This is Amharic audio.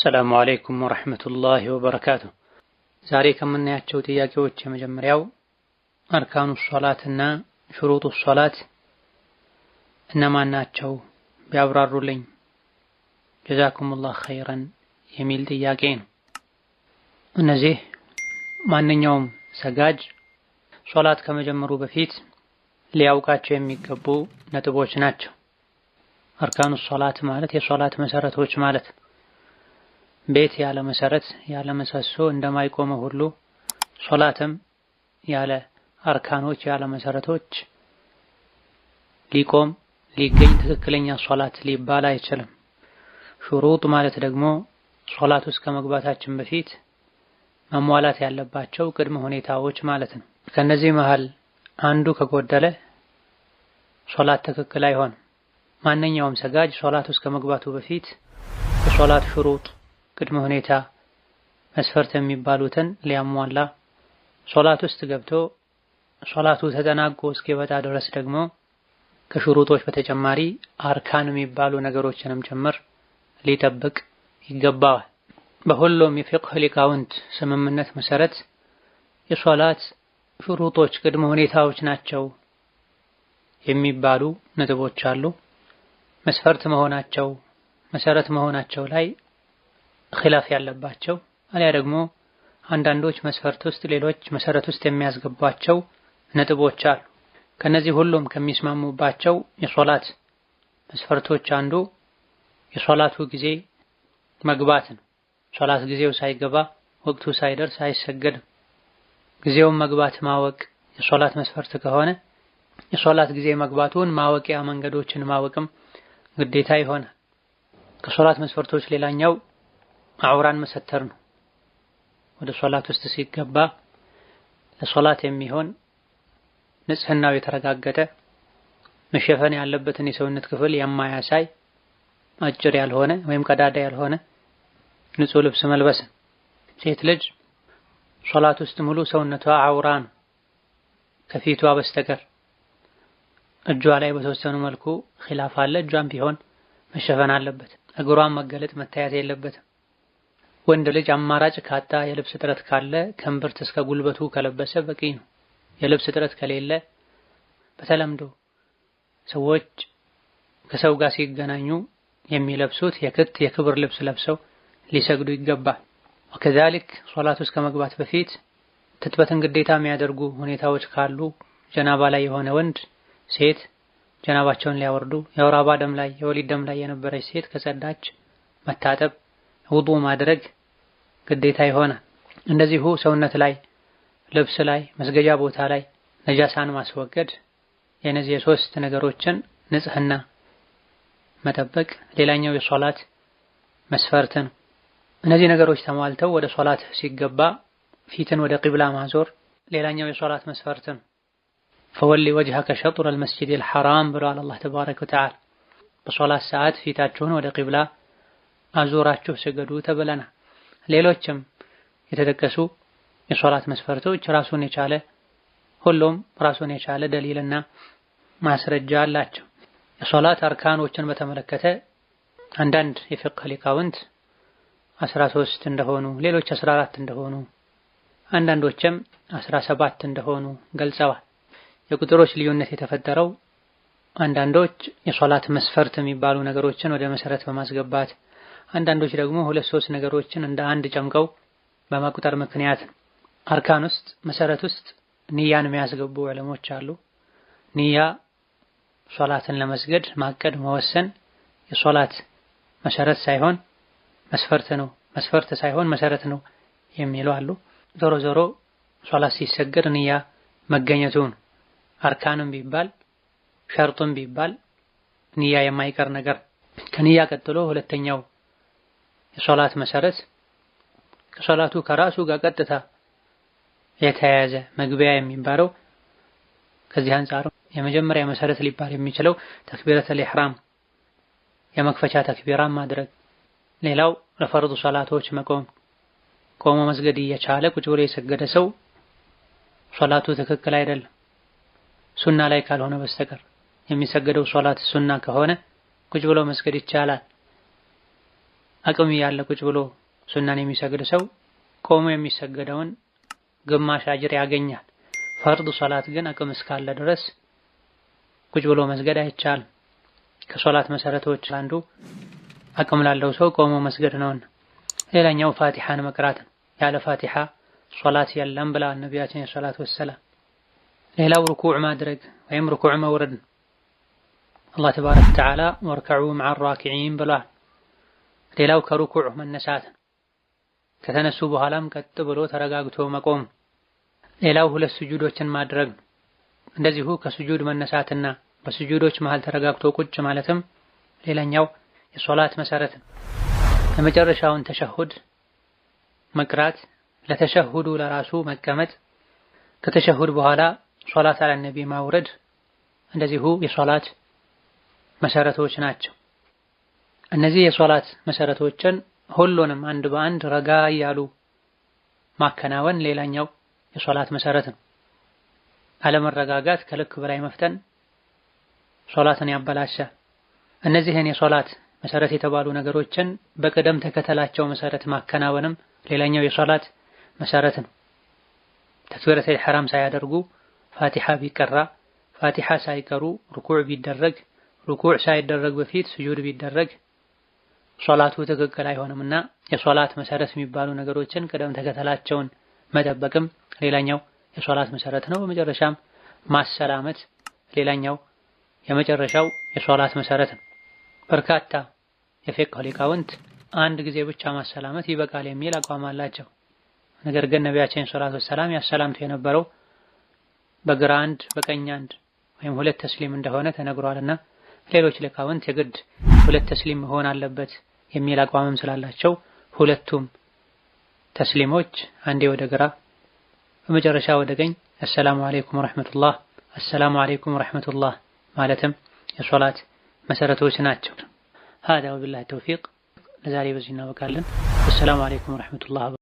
አሰላሙ አለይኩም ወረሕመቱላሂ ወበረካቱ። ዛሬ ከምናያቸው ጥያቄዎች የመጀመሪያው አርካኑ ሶላት እና ሽሩጡ ሶላት እነማን ናቸው ቢያብራሩልኝ ጀዛኩሙላህ ኸይረን የሚል ጥያቄ ነው። እነዚህ ማንኛውም ሰጋጅ ሶላት ከመጀመሩ በፊት ሊያውቃቸው የሚገቡ ነጥቦች ናቸው። አርካኑ ሶላት ማለት የሶላት መሰረቶች ማለት ነው። ቤት ያለ መሰረት ያለ ምሰሶ እንደማይቆመ ሁሉ ሶላትም ያለ አርካኖች ያለ መሰረቶች ሊቆም ሊገኝ ትክክለኛ ሶላት ሊባል አይችልም። ሹሩጥ ማለት ደግሞ ሶላት ውስጥ ከመግባታችን በፊት መሟላት ያለባቸው ቅድመ ሁኔታዎች ማለት ነው። ከነዚህ መሃል አንዱ ከጎደለ ሶላት ትክክል አይሆንም። ማንኛውም ሰጋጅ ሶላት ውስጥ ከመግባቱ በፊት ከሶላት ሹሩጥ ቅድመ ሁኔታ መስፈርት የሚባሉትን ሊያሟላ ሶላት ውስጥ ገብቶ ሶላቱ ተጠናቆ እስኪወጣ ድረስ ደግሞ ከሽሩጦች በተጨማሪ አርካን የሚባሉ ነገሮችንም ጭምር ሊጠብቅ ይገባዋል። በሁሉም የፊቅህ ሊቃውንት ስምምነት መሰረት የሶላት ሽሩጦች ቅድመ ሁኔታዎች ናቸው የሚባሉ ነጥቦች አሉ። መስፈርት መሆናቸው መሰረት መሆናቸው ላይ ኺላፍ ያለባቸው አሊያ ደግሞ አንዳንዶች መስፈርት ውስጥ ሌሎች መሰረት ውስጥ የሚያስገቧቸው ነጥቦች አሉ። ከነዚህ ሁሉም ከሚስማሙባቸው የሶላት መስፈርቶች አንዱ የሶላቱ ጊዜ መግባት ነው። ሶላት ጊዜው ሳይገባ ወቅቱ ሳይደርስ አይሰገድም። ጊዜውን መግባት ማወቅ የሶላት መስፈርት ከሆነ የሶላት ጊዜ መግባቱን ማወቂያ መንገዶችን ማወቅም ግዴታ ይሆናል። ከሶላት መስፈርቶች ሌላኛው አውራን መሰተር ነው። ወደ ሶላት ውስጥ ሲገባ ለሶላት የሚሆን ንጽህናው የተረጋገጠ መሸፈን ያለበትን የሰውነት ክፍል የማያሳይ አጭር ያልሆነ ወይም ቀዳዳ ያልሆነ ንጹህ ልብስ መልበስን። ሴት ልጅ ሶላት ውስጥ ሙሉ ሰውነቷ አውራ ነው፣ ከፊቷ በስተቀር እጇ ላይ በተወሰኑ መልኩ ኺላፍ አለ። እጇም ቢሆን መሸፈን አለበት። እግሯን መገለጥ መታየት የለበትም። ወንድ ልጅ አማራጭ ካጣ የልብስ እጥረት ካለ ከእምብርት እስከ ጉልበቱ ከለበሰ በቂ ነው። የልብስ እጥረት ከሌለ በተለምዶ ሰዎች ከሰው ጋር ሲገናኙ የሚለብሱት የክት የክብር ልብስ ለብሰው ሊሰግዱ ይገባል። ወከዛሊክ ሶላት ውስጥ ከመግባት በፊት ትጥበትን ግዴታ የሚያደርጉ ሁኔታዎች ካሉ ጀናባ ላይ የሆነ ወንድ ሴት ጀናባቸውን ሊያወርዱ የወር አበባ ደም ላይ የወሊድ ደም ላይ የነበረች ሴት ከጸዳች መታጠብ ውጡ ማድረግ ግዴታ ይሆናል። እንደዚሁ ሰውነት ላይ፣ ልብስ ላይ፣ መስገጃ ቦታ ላይ ነጃሳን ማስወገድ የነዚህ የሶስት ነገሮችን ንጽህና መጠበቅ ሌላኛው የሶላት መስፈርት ነው። እነዚህ ነገሮች ተሟልተው ወደ ሶላት ሲገባ ፊትን ወደ ቂብላ ማዞር ሌላኛው የሶላት መስፈርት ነው። ፈወሊ ወጅሀከ ሸጥረል መስጂዲል ሐራም ብሏል አላህ ተባረከ ወተዓላ በሶላት ሰዓት ፊታችሁን ወደ ቂብላ አዞራችሁ ስገዱ ተብለና ሌሎችም የተጠቀሱ የሶላት መስፈርቶች ራሱን የቻለ ሁሉም ራሱን የቻለ ደሊልና ማስረጃ አላቸው። የሶላት አርካኖችን በተመለከተ አንዳንድ የፍቅህ ሊቃውንት 13 እንደሆኑ፣ ሌሎች 14 እንደሆኑ፣ አንዳንዶችም 17 እንደሆኑ ገልጸዋል። የቁጥሮች ልዩነት የተፈጠረው አንዳንዶች የሶላት መስፈርት የሚባሉ ነገሮችን ወደ መሰረት በማስገባት አንዳንዶች ደግሞ ሁለት ሶስት ነገሮችን እንደ አንድ ጨምቀው በመቁጠር ምክንያት አርካን ውስጥ መሰረት ውስጥ ንያን የሚያስገቡ ዕለሞች አሉ። ንያ ሶላትን ለመስገድ ማቀድ መወሰን የሶላት መሰረት ሳይሆን መስፈርት ነው፣ መስፈርት ሳይሆን መሰረት ነው የሚሉ አሉ። ዞሮ ዞሮ ሶላት ሲሰገድ ንያ መገኘቱን አርካንም ቢባል ሸርጡም ቢባል ንያ የማይቀር ነገር ከንያ ቀጥሎ ሁለተኛው የሶላት መሰረት ከሶላቱ ከራሱ ጋር ቀጥታ የተያያዘ መግቢያ የሚባለው ከዚህ አንጻር የመጀመሪያ መሰረት ሊባል የሚችለው ተክቢረተል ኢሕራም የመክፈቻ ተክቢራን ማድረግ፣ ሌላው ለፈርዱ ሶላቶች መቆም። ቆሞ መስገድ እየቻለ ቁጭ ብሎ የሰገደ ሰው ሶላቱ ትክክል አይደለም፣ ሱና ላይ ካልሆነ በስተቀር የሚሰገደው ሶላት ሱና ከሆነ ቁጭ ብሎ መስገድ ይቻላል። አቅም ያለ ቁጭ ብሎ ሱናን የሚሰግድ ሰው ቆሞ የሚሰገደውን ግማሽ አጅር ያገኛል። ፈርድ ሶላት ግን አቅም እስካለ ድረስ ቁጭ ብሎ መስገድ አይቻልም። ከሶላት መሰረቶች አንዱ አቅም ላለው ሰው ቆሞ መስገድ ነውና፣ ሌላኛው ፋቲሃን መቅራት ነው። ያለ ፋቲሃ ሶላት የለም ብለዋል ነቢያችን ሶላት ወሰላም። ሌላው ርኩዕ ማድረግ ወይም ርኩዕ መውረድ ነው። አላህ ተባረከ ወተዓላ ወርከዑ መዐ ራኪዒን ብለዋል። ሌላው ከሩኩዕ መነሳት ከተነሱ በኋላም ቀጥ ብሎ ተረጋግቶ መቆም። ሌላው ሁለት ስጁዶችን ማድረግ እንደዚሁ ከስጁድ መነሳትና በስጁዶች መሃል ተረጋግቶ ቁጭ ማለትም ሌላኛው የሶላት መሰረት ነው። የመጨረሻውን ተሸሁድ መቅራት፣ ለተሸሁዱ ለራሱ መቀመጥ፣ ከተሸሁድ በኋላ ሶላት አለ ነቢ ማውረድ እንደዚሁ የሶላት መሰረቶች ናቸው። እነዚህ የሶላት መሰረቶችን ሁሉንም አንድ በአንድ ረጋ እያሉ ማከናወን ሌላኛው የሶላት መሰረት ነው። አለመረጋጋት፣ ከልክ በላይ መፍጠን ሶላትን ያበላሻል። እነዚህን የሶላት መሰረት የተባሉ ነገሮችን በቅደም ተከተላቸው መሰረት ማከናወንም ሌላኛው የሶላት መሰረት ነው። ተክቢረተል ኢሕራም ሳያደርጉ ፋቲሓ ቢቀራ፣ ፋቲሓ ሳይቀሩ ርኩዕ ቢደረግ፣ ርኩዕ ሳይደረግ በፊት ስጁድ ቢደረግ ሶላቱ ትክክል አይሆንምና የሶላት መሰረት የሚባሉ ነገሮችን ቅደም ተከተላቸውን መጠበቅም ሌላኛው የሶላት መሰረት ነው። በመጨረሻም ማሰላመት ሌላኛው የመጨረሻው የሶላት መሰረት ነው። በርካታ የፊቅህ ሊቃውንት አንድ ጊዜ ብቻ ማሰላመት ይበቃል የሚል አቋም አላቸው። ነገር ግን ነቢያችን ሶላት ወሰላም ያሰላምቱ የነበረው በግራ አንድ በቀኝ አንድ ወይም ሁለት ተስሊም እንደሆነ ተነግሯልና ሌሎች ሊቃውንት የግድ ሁለት ተስሊም መሆን አለበት የሚል አቋምም ስላላቸው ሁለቱም ተስሊሞች አንዴ ወደ ግራ በመጨረሻ ወደ ቀኝ አሰላሙ አለይኩም ወራህመቱላህ አሰላሙ አለይኩም ወራህመቱላህ ማለትም የሶላት መሰረቶች ናቸው። ሀዳ ወቢላህ ተውፊቅ ለዛሬ በዚህ እናበቃለን። አሰላሙ አለይኩም ወራህመቱላህ